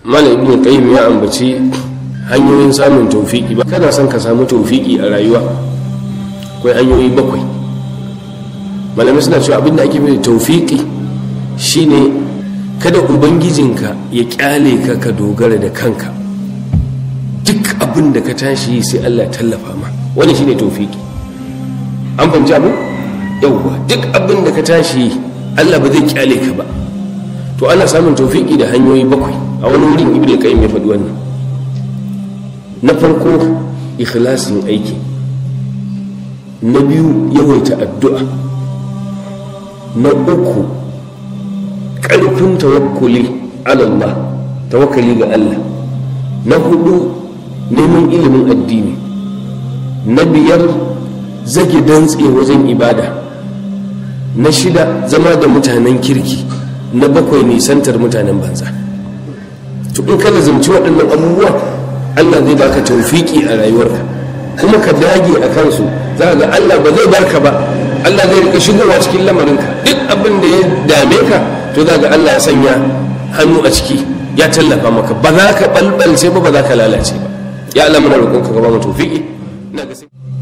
mana ibn qayyim ya ambaci hanyoyin samun tawfiki ba kana son ka samu tawfiki a rayuwa akwai hanyoyi bakwai malamai suna cewa abinda ake mai tawfiki shine kada ubangijinka ya kyale ka ka dogara da kanka duk abin da ka tashi sai Allah ya tallafa ma wani shine tawfiki an fahimci abu yauwa duk abin da ka tashi Allah ba zai kyale ka ba to ana samun tawfiki da hanyoyi bakwai a wani wurin ibn qayyim ya faɗi wannan na farko ikhlasin aiki na biyu yawaita addu'a na uku ƙarfin tawakkuli ala Allah tawakkali ga Allah na hudu neman ilimin addini na biyar zage dantse wajen ibada na shida zama da mutanen kirki na bakwai nisantar mutanen banza to in ka lazumci waɗannan abubuwa Allah zai baka taufiƙi a rayuwarka kuma ka dage a kansu za ga Allah ba zai barka ba Allah zai rika shigowa cikin lamarinka duk abin da ya dame ka to za ga Allah ya sanya hannu a ciki ya tallafa maka ba za ka balbalce ba ba za ka lalace ba ya Allah muna roƙonka ka ba mu taufiƙi? ina ga